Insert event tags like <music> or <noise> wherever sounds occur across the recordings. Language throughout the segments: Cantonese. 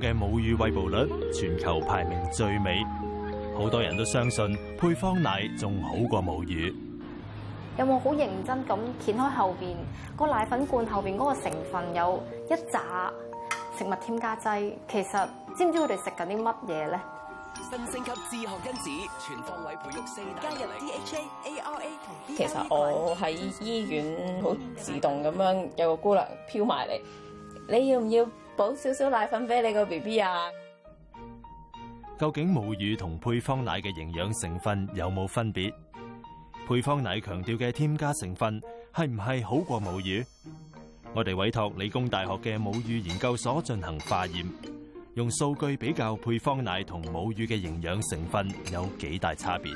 嘅母乳餵哺率全球排名最尾，好多人都相信配方奶仲好過母乳。有冇好認真咁掀開後邊個奶粉罐後邊嗰個成分？有一紮食物添加劑，其實知唔知佢哋食緊啲乜嘢咧？新升級自學因子全方位培育四大，加入 DHA、ARA 同 DHA。其實我喺醫院好自動咁樣有個姑娘飄埋嚟，你要唔要？補少少奶粉俾你個 BB 啊！究竟母乳同配方奶嘅營養成分有冇分別？配方奶強調嘅添加成分係唔係好過母乳？我哋委託理工大學嘅母乳研究所進行化驗，用數據比較配方奶同母乳嘅營養成分有幾大差別。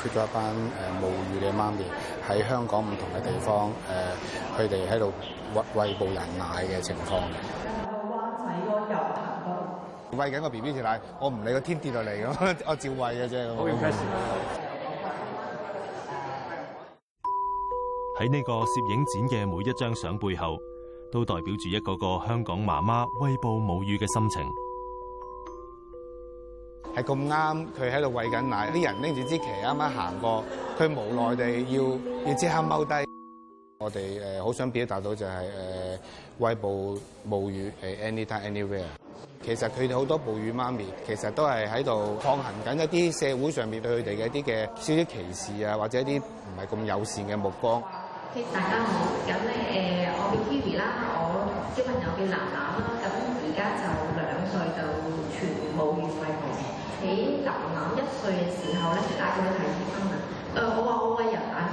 缺咗一班誒母乳嘅媽咪喺香港唔同嘅地方，誒佢哋喺度餵餵哺人奶嘅情況。嗯、餵灣仔緊個 B B 條奶，我唔理個天跌落嚟咁，我照餵嘅啫。喺呢、嗯嗯、個攝影展嘅每一張相背後，都代表住一個個香港媽媽餵哺母乳嘅心情。係咁啱，佢喺度餵緊奶，啲人拎住支旗啱啱行過，佢無奈地要要即刻踎低。我哋好、呃、想表達到就係誒餵哺母乳 anytime anywhere。其實佢哋好多哺乳媽咪，其實都係喺度抗衡緊一啲社會上面對佢哋嘅一啲嘅少少歧視啊，或者一啲唔係咁友善嘅目光。大家好，咁咧我叫 t i 啦，我小朋友叫楠楠啦，咁而家就兩歲，就全母乳餵喺楠楠一歲嘅時候咧，帶佢去睇醫生啊！誒，我話我餵人奶，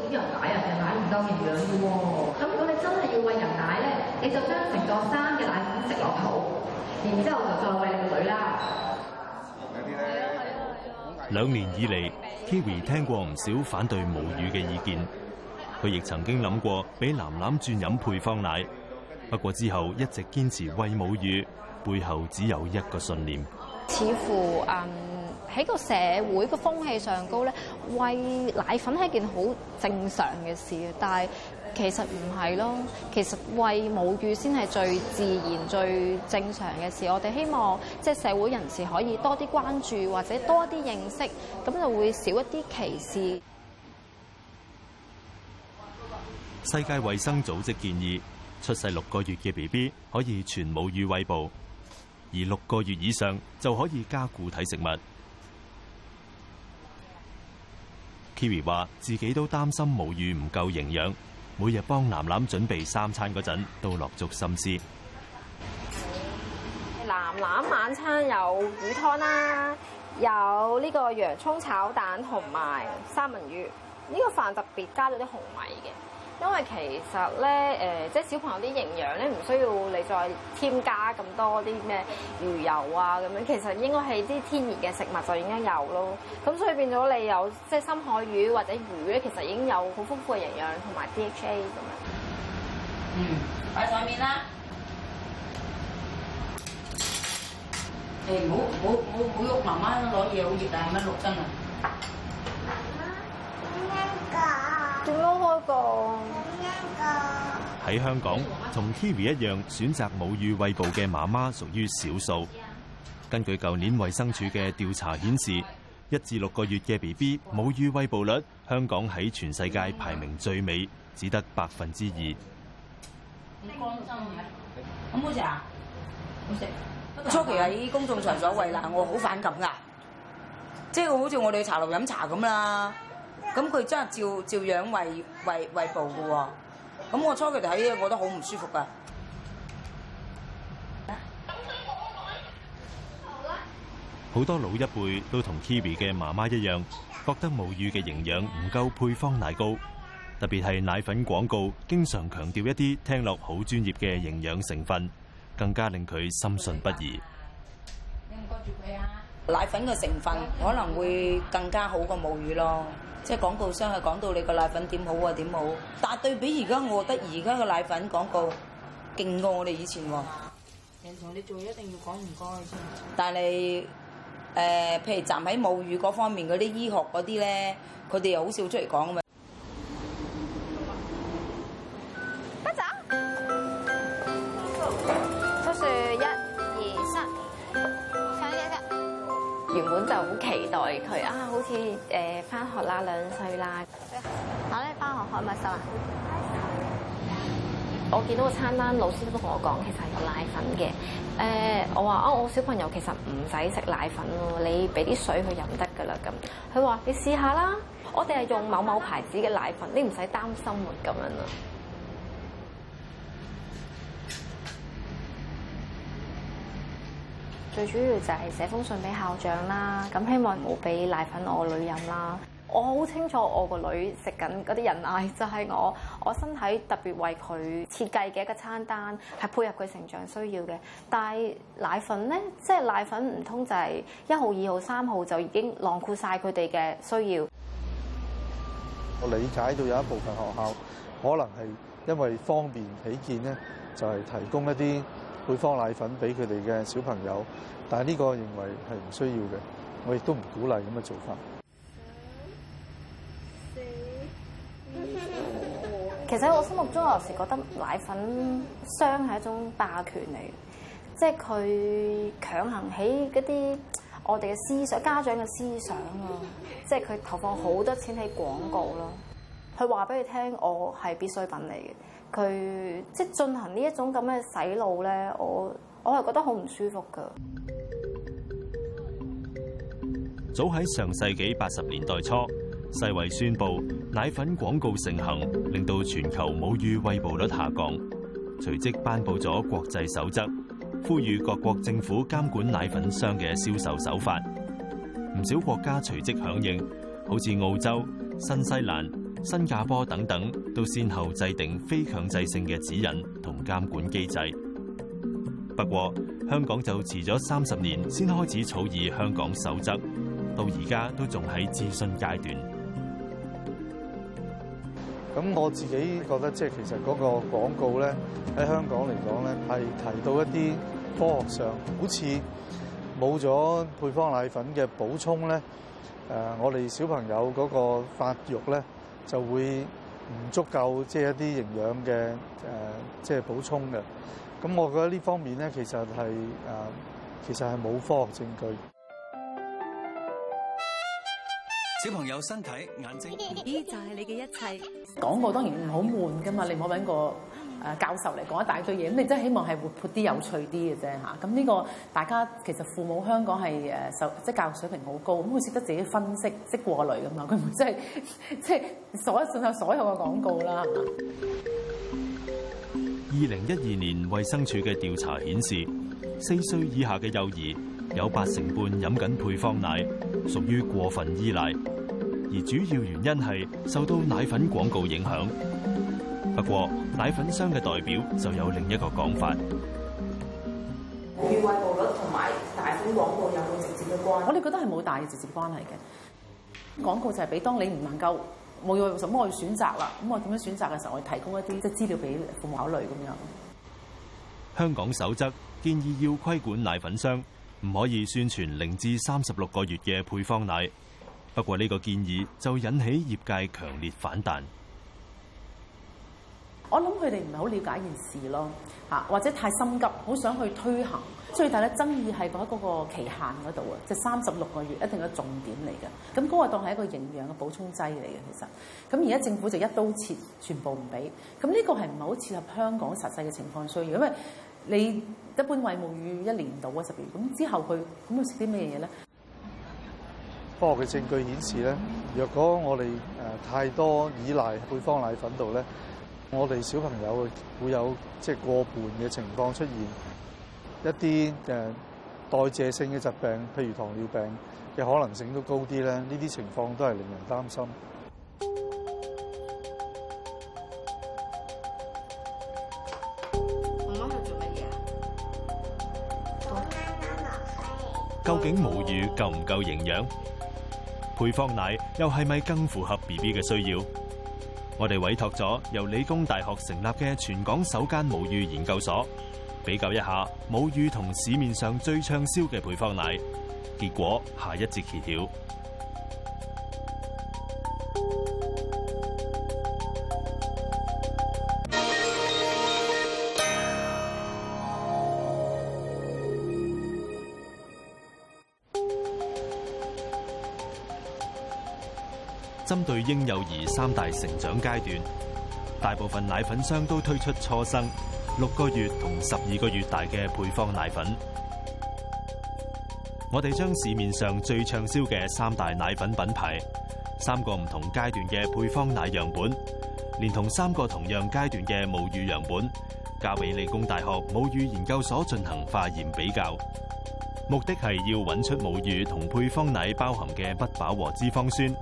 點人奶解人奶唔夠營養嘅喎？咁如果你真係要餵人奶咧，你就將成座山嘅奶粉食落肚，然之後就再餵你個女啦。自然。係啊係啊係啊！兩、嗯嗯嗯嗯、年以嚟，Kiwi 聽過唔少反對母乳嘅意見，佢、嗯、亦曾經諗過俾楠楠轉飲配方奶，不過之後一直堅持餵母乳，背後只有一個信念。似乎嗯，喺個社會個風氣上高咧，喂奶粉係件好正常嘅事。但係其實唔係咯，其實喂母乳先係最自然、最正常嘅事。我哋希望即係社會人士可以多啲關注或者多啲認識，咁就會少一啲歧視。世界衛生組織建議，出世六個月嘅 BB 可以全母乳喂哺。而六個月以上就可以加固體食物。Kiri 話自己都擔心母乳唔夠營養，每日幫楠楠準備三餐嗰陣都落足心思。楠楠晚餐有魚湯啦，有呢個洋蔥炒蛋同埋三文魚。呢個飯特別加咗啲紅米嘅。因為其實咧，誒，即係小朋友啲營養咧，唔需要你再添加咁多啲咩魚油啊咁樣。其實應該係啲天然嘅食物就已經有咯。咁所以變咗你有即係深海魚或者魚咧，其實已經有好豐富嘅營養同埋 DHA 咁樣。嗯，擺上面啦。誒、欸，唔好唔好唔好鬱媽媽攞嘢，好熱但係乜落真啊。媽媽，聽講。這個點樣開講？喺、啊、香港，同 Kiwi 一樣選擇母乳餵哺嘅媽媽屬於少數。根據舊年衛生署嘅調查顯示，一至六個月嘅 B B 母乳餵哺率，香港喺全世界排名最尾，只得百分之二。咁關心咩？咁、嗯、好似啊？好食。初期喺公眾場所餵奶，我好反感噶，即係好似我哋去茶樓飲茶咁啦。咁佢真係照照樣餵餵餵哺嘅喎，咁我初期睇嘢，我都好唔舒服噶。好多老一輩都同 Kiwi 嘅媽媽一樣，覺得母乳嘅營養唔夠配方奶高，特別係奶粉廣告經常強調一啲聽落好專業嘅營養成分，更加令佢深信不疑。奶粉嘅成分可能會更加好過母乳咯。即係廣告商係講到你個奶粉點好啊點好，但係對比而家，我覺得而家嘅奶粉廣告勁過我哋以前喎。人同你做一定要講唔該嘅先？謝謝但係你誒、呃、譬如，站喺母乳方面啲醫學啲咧，佢哋又好少出嚟講講。好期待佢啊！好似誒返學啦，兩歲啦。阿媽，你返學開唔開心啊？我見到個餐單，老師都同我講，其實係有奶粉嘅。誒、呃，我話啊，我小朋友其實唔使食奶粉喎，你俾啲水佢飲得㗎啦。咁佢話：你試下啦。我哋係用某某牌子嘅奶粉，你唔使擔心喎。咁樣啦。最主要就係寫封信俾校長啦，咁希望冇俾奶粉我女飲啦。我好清楚我個女食緊嗰啲人奶，就係我我身體特別為佢設計嘅一個餐單，係配合佢成長需要嘅。但係奶粉咧，即係奶粉唔通就係一號、二號、三號就已經囊括曬佢哋嘅需要。我理解到有一部分學校可能係因為方便起見咧，就係提供一啲。配方奶粉俾佢哋嘅小朋友，但係呢個認為係唔需要嘅，我亦都唔鼓勵咁嘅做法。其實我心目中有時覺得奶粉商係一種霸權嚟，即係佢強行起嗰啲我哋嘅思想、家長嘅思想啊，即係佢投放好多錢喺廣告咯，佢話俾你聽，我係必需品嚟嘅。佢即係進行呢一種咁嘅洗腦呢，我我係覺得好唔舒服㗎。早喺上世紀八十年代初，世衛宣布奶粉廣告盛行，令到全球母乳餵哺率下降，隨即頒布咗國際守則，呼籲各國政府監管奶粉商嘅銷售手法。唔少國家隨即響應，好似澳洲、新西蘭。新加坡等等都先後制定非強制性嘅指引同監管機制，不過香港就遲咗三十年先開始草擬香港守則，到而家都仲喺諮詢階段。咁我自己覺得，即係其實嗰個廣告咧，喺香港嚟講咧，係提到一啲科學上，好似冇咗配方奶粉嘅補充咧，誒我哋小朋友嗰個發育咧，就會唔足夠，即係一啲營養嘅誒，即係補充嘅。咁我覺得呢方面咧，其實係誒、呃，其實係冇科學證據。小朋友身體、眼睛，BB 就係你嘅一切。講過當然唔好悶㗎嘛，你唔好搵個。誒教授嚟講一大堆嘢，咁你真係希望係活潑啲、有趣啲嘅啫嚇。咁呢個大家其實父母香港係誒受即係教育水平好高，咁佢識得自己分析、識過濾噶嘛。佢唔即係即係所有所有嘅廣告啦。二零一二年衛生署嘅調查顯示，四歲以下嘅幼兒有八成半飲緊配方奶，屬於過分依賴，而主要原因係受到奶粉廣告影響。不過奶粉商嘅代表就有另一個講法，母乳餵哺率同埋奶粉廣告有冇直接嘅關？我哋覺得係冇大嘅直接關係嘅。廣告就係俾當你唔能夠冇要什麼去選擇啦，咁我點樣選擇嘅時候，我提供一啲即係資料俾佢考慮咁樣。香港守則建議要規管奶粉商，唔可以宣傳零至三十六個月嘅配方奶。不過呢個建議就引起業界強烈反彈。我諗佢哋唔係好了解件事咯，吓或者太心急，好想去推行。最大咧爭議係喺嗰個期限嗰度啊，即係三十六個月，一定有重點嚟嘅。咁嗰個當係一個營養嘅補充劑嚟嘅，其實咁而家政府就一刀切，全部唔俾。咁呢個係唔係好切合香港實際嘅情況需要？因為你一般餵母乳一年到啊，十二月咁之後佢咁佢食啲咩嘢咧？科學嘅證據顯示咧，嗯嗯若果我哋誒太多依賴配方奶粉度咧。我哋小朋友會有即係過胖嘅情況出現，一啲誒代謝性嘅疾病，譬如糖尿病嘅可能性都高啲咧。呢啲情況都係令人擔心。究竟母乳夠唔夠營養？配方奶又係咪更符合 B B 嘅需要？我哋委託咗由理工大學成立嘅全港首間母乳研究所，比較一下母乳同市面上最暢銷嘅配方奶，結果下一節揭曉。針對嬰幼兒三大成長階段，大部分奶粉商都推出初生六個月同十二個月大嘅配方奶粉。我哋將市面上最暢銷嘅三大奶粉品牌三個唔同階段嘅配方奶樣本，連同三個同樣階段嘅母乳樣本，交俾理工大學母乳研究所進行化驗比較。目的係要揾出母乳同配方奶包含嘅不飽和脂肪酸。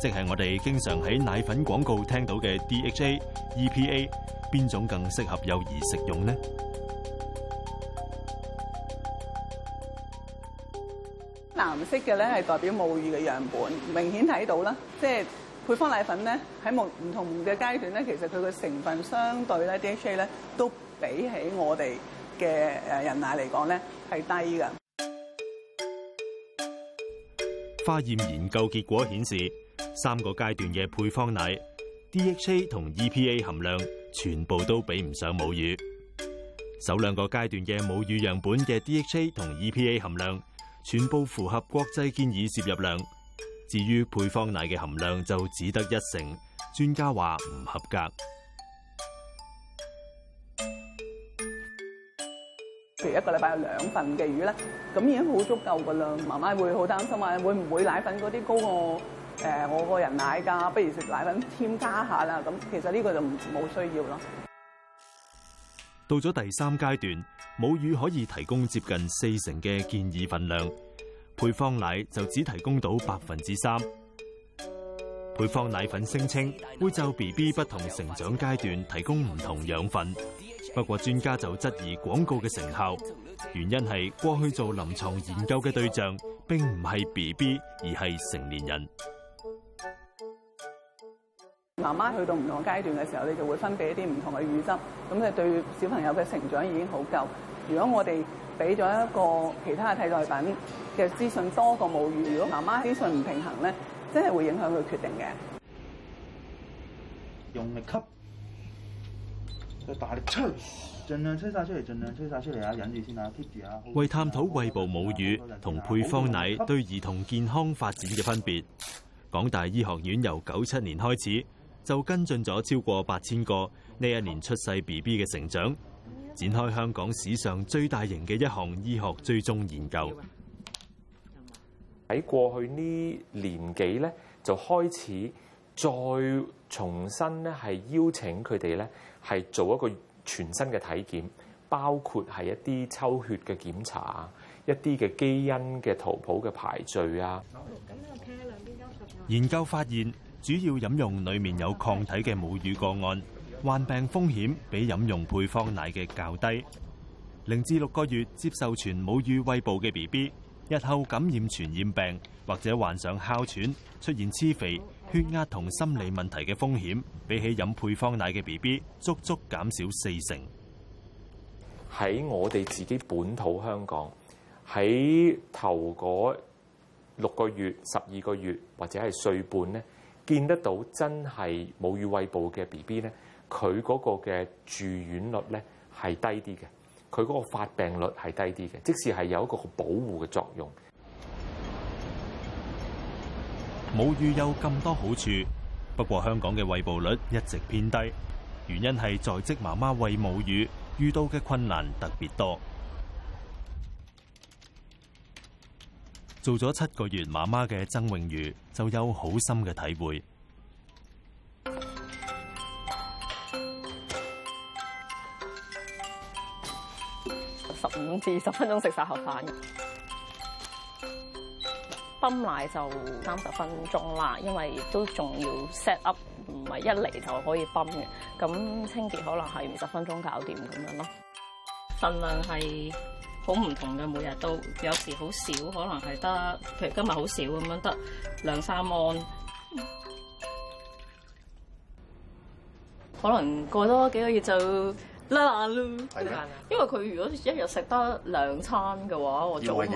即係我哋經常喺奶粉廣告聽到嘅 DHA、EPA，邊種更適合幼兒食用呢？藍色嘅咧係代表母乳嘅樣本，明顯睇到啦，即係配方奶粉咧喺唔同嘅階段咧，其實佢嘅成分相對咧 DHA 咧都比起我哋嘅誒人奶嚟講咧係低㗎。化驗研究結果顯示，三個階段嘅配方奶 DHA 同 EPA 含量全部都比唔上母乳。首兩個階段嘅母乳樣本嘅 DHA 同 EPA 含量全部符合國際建議攝入量。至於配方奶嘅含量就只得一成，專家話唔合格。譬如一個禮拜有兩份嘅魚咧，咁已經好足夠噶啦。媽媽會好擔心話，會唔會奶粉嗰啲高過？誒，我個人奶噶，不如食奶粉添加下啦。咁其實呢個就唔冇需要咯。到咗第三階段，母乳可以提供接近四成嘅建議分量，配方奶就只提供到百分之三。配方奶粉聲稱會就 BB 不同成長階段提供唔同養分，不過專家就質疑廣告嘅成效，原因係過去做臨床研究嘅對象並唔係 BB，而係成年人。媽媽去到唔同階段嘅時候，你就會分泌一啲唔同嘅乳汁，咁咧對小朋友嘅成長已經好夠。如果我哋俾咗一個其他嘅替代品，其實資訊多過母乳。如果媽媽資訊唔平衡咧，真係會影響佢決定嘅。用力吸，再大力吹，盡量吹晒出嚟，盡量吹晒出嚟啊！忍住先啊，keep 住啊。為探討餵哺母乳同配方奶對兒童健康發展嘅分別，港大醫學院由九七年開始。就跟進咗超過八千個呢一年出世 BB 嘅成長，展開香港史上最大型嘅一項醫學追蹤研究。喺過去呢年幾咧，就開始再重新咧係邀請佢哋咧係做一個全新嘅體檢，包括係一啲抽血嘅檢查啊，一啲嘅基因嘅圖譜嘅排序啊。研究發現。主要飲用裏面有抗體嘅母乳個案，患病風險比飲用配方奶嘅較低。零至六個月接受全母乳喂哺嘅 BB，日後感染傳染病或者患上哮喘、出現痴肥、血壓同心理問題嘅風險，比起飲配方奶嘅 BB，足足減少四成。喺我哋自己本土香港，喺頭嗰六個月、十二個月或者係歲半呢。見得到真係母乳餵哺嘅 BB，呢佢嗰個嘅住院率呢係低啲嘅，佢嗰個發病率係低啲嘅，即使係有一個保護嘅作用。母乳有咁多好處，不過香港嘅餵哺率一直偏低，原因係在職媽媽餵母乳遇到嘅困難特別多。做咗七個月媽媽嘅曾穎如就有好深嘅體會。十五至十分鐘食晒盒飯，泵奶就三十分鐘啦，因為都仲要 set up，唔係一嚟就可以泵嘅。咁清潔可能係二十分鐘搞掂咁樣咯。份量係。好唔同嘅，每日都有時好少，可能係得譬如今日好少咁樣得兩三安，可能過多幾個月就甩爛嗎因為佢如果一日食得兩餐嘅話，我早佢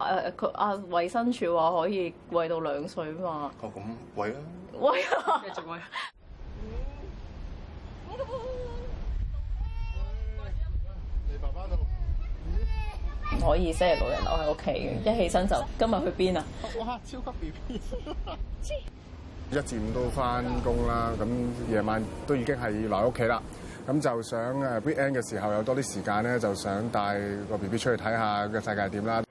誒佢啊，衞生署話可以餵到兩歲嘛。哦，咁餵啦，餵啊， <laughs> 仲 <laughs> 餵。喂你爸爸唔可以，星期六日留喺屋企嘅，一起身就今日去邊啊？哇，超級 B B， <laughs> 一至五都返工啦，咁夜晚都已經係留喺屋企啦，咁就想誒 B N 嘅時候有多啲時間咧，就想帶個 B B 出去睇下個世界點啦。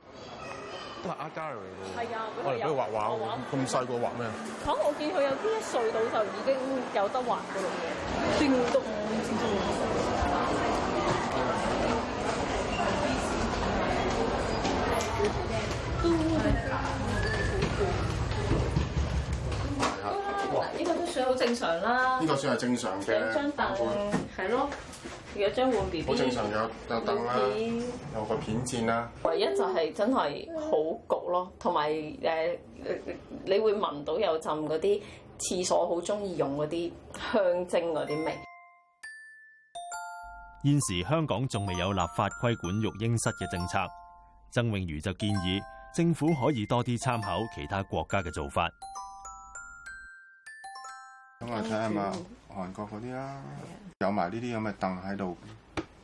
都係阿 Gary 喎，係啊，佢、啊啊、畫畫，咁細個畫咩？講、嗯、我見佢有啲一歲到就已經有得畫嘅咯，嘢。算好正常啦，呢個算係正常嘅。張凳係咯，有張換 B B。好正常有有凳啦，碗 BB, 有個片墊啦。唯一就係真係好焗咯，同埋誒，你會聞到有陣嗰啲廁所好中意用嗰啲香精嗰啲味。現時香港仲未有立法規管育嬰室嘅政策，曾永如就建議政府可以多啲參考其他國家嘅做法。咁我睇下嘛，韓國嗰啲啦，有埋呢啲咁嘅凳喺度，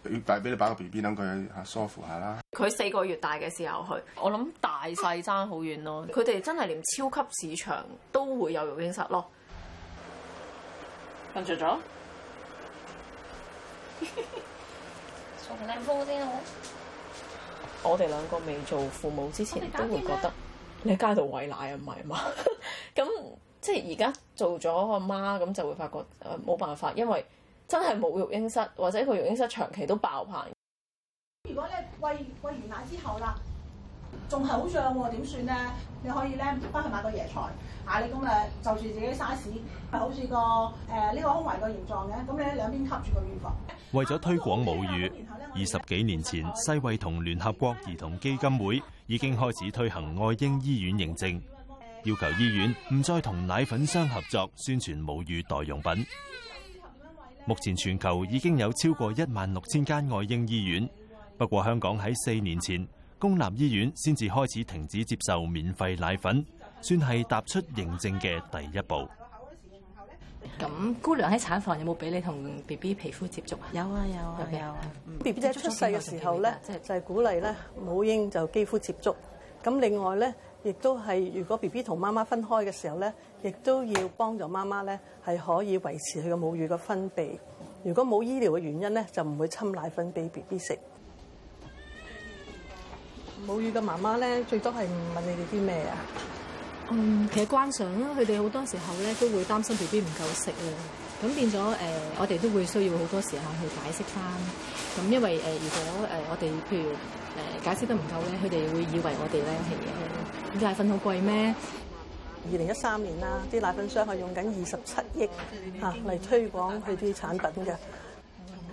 要擺俾你擺個 B B 等佢吓舒服下啦。佢四個月大嘅時候去，我諗大細爭好遠咯。佢哋、嗯、真係連超級市場都會有育嬰室咯。瞓着咗？仲靚風啲啊！我哋兩個未做父母之前，都會覺得你喺街度喂奶呀，唔係嘛？咁。 <laughs> 即係而家做咗個媽咁，就會發覺誒冇辦法，因為真係冇育嬰室，或者個育嬰室長期都爆棚。如果咧餵餵完奶之後啦，仲係好脹喎，點算咧？你可以咧翻去買個椰菜嚇、啊，你咁誒就住自己 size，係好似個誒呢、呃這個胸圍個形狀嘅，咁你咧兩邊吸住個乳房。為咗推廣母乳，二十幾年前，世衛同聯合國兒童基金會已經開始推行愛嬰醫院認證。要求醫院唔再同奶粉商合作宣傳母乳代用品。目前全球已經有超過一萬六千間愛嬰醫院，不過香港喺四年前，公立醫院先至開始停止接受免費奶粉，算係踏出認證嘅第一步。咁姑娘喺產房有冇俾你同 B B 皮膚接觸啊？有啊有啊有啊！B B 仔出世嘅時候咧，就係鼓勵咧母嬰就肌膚接觸。咁另外咧。亦都係，如果 B B 同媽媽分開嘅時候咧，亦都要幫助媽媽咧，係可以維持佢嘅母乳嘅分泌。如果冇醫療嘅原因咧，就唔會摻奶粉俾 B B 食。母乳嘅媽媽咧，最多係唔問你哋啲咩啊？嗯，其實關上，啦，佢哋好多時候咧都會擔心 B B 唔夠食啊，咁變咗誒、呃，我哋都會需要好多時候去解釋返。咁因為誒、呃，如果誒我哋譬如誒、呃、解釋得唔夠咧，佢哋會以為我哋咧係。咁奶粉好貴咩？二零一三年啦，啲奶粉商係用緊二十七億嚇嚟推廣佢啲產品嘅，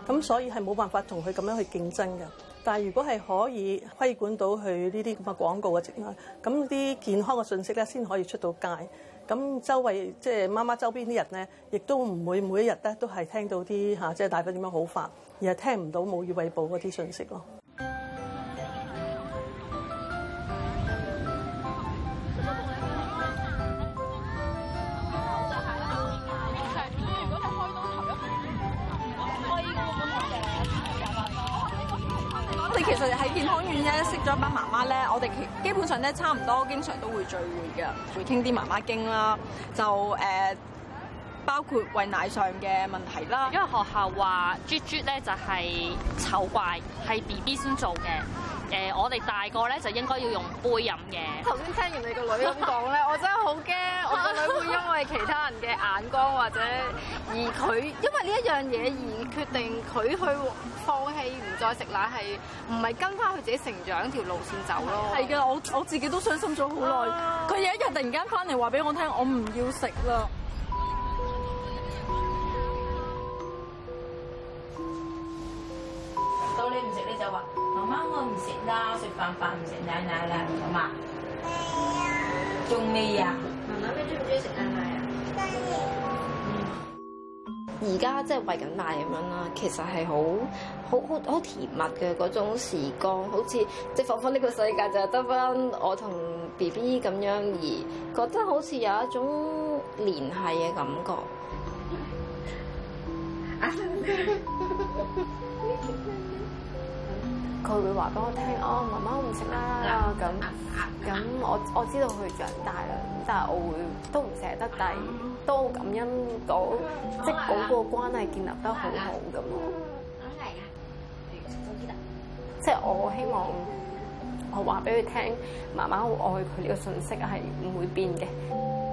咁所以係冇辦法同佢咁樣去競爭嘅。但係如果係可以規管到佢呢啲咁嘅廣告嘅靜啦，咁啲健康嘅信息咧先可以出到街。咁周圍即係媽媽周邊啲人咧，亦都唔會每一日咧都係聽到啲嚇即係奶粉點樣好法，而係聽唔到母乳餵哺嗰啲信息咯。咧差唔多，經常都會聚會嘅，會傾啲媽媽經啦，就誒包括喂奶上嘅問題啦，因為學校話啜啜咧就係醜怪，係 B B 先做嘅，誒，我哋大個咧就應該要用杯飲嘅。頭先聽完你個女咁講咧，我真係好驚，我個女會因為其他人嘅眼光或者而佢因為呢一樣嘢而決定佢去放棄唔再食奶，係唔係跟翻佢自己成長條路線走咯？係嘅，我我自己都傷心咗好耐。佢有一日突然間翻嚟話俾我聽，我唔要食啦。到你唔食你就話。食啦，食飯、飯、飯，食奶、奶啦，好啊，仲未啊！媽媽咩中唔中意食奶奶啊？而家即係餵緊奶咁樣啦，其實係好、好、好、好甜蜜嘅嗰種時光，好似即係放翻呢個世界我寶寶這樣，就係得翻我同 B B 咁樣，而覺得好似有一種聯繫嘅感覺。 <laughs> 佢會話俾我聽，哦，媽媽唔食啦咁，咁我我知道佢長大啦，但係我會都唔捨得低，但係都感恩到，即係嗰個關係建立得好好咁咯。即係、嗯、我希望我話俾佢聽，媽媽愛佢呢個信息係唔會變嘅。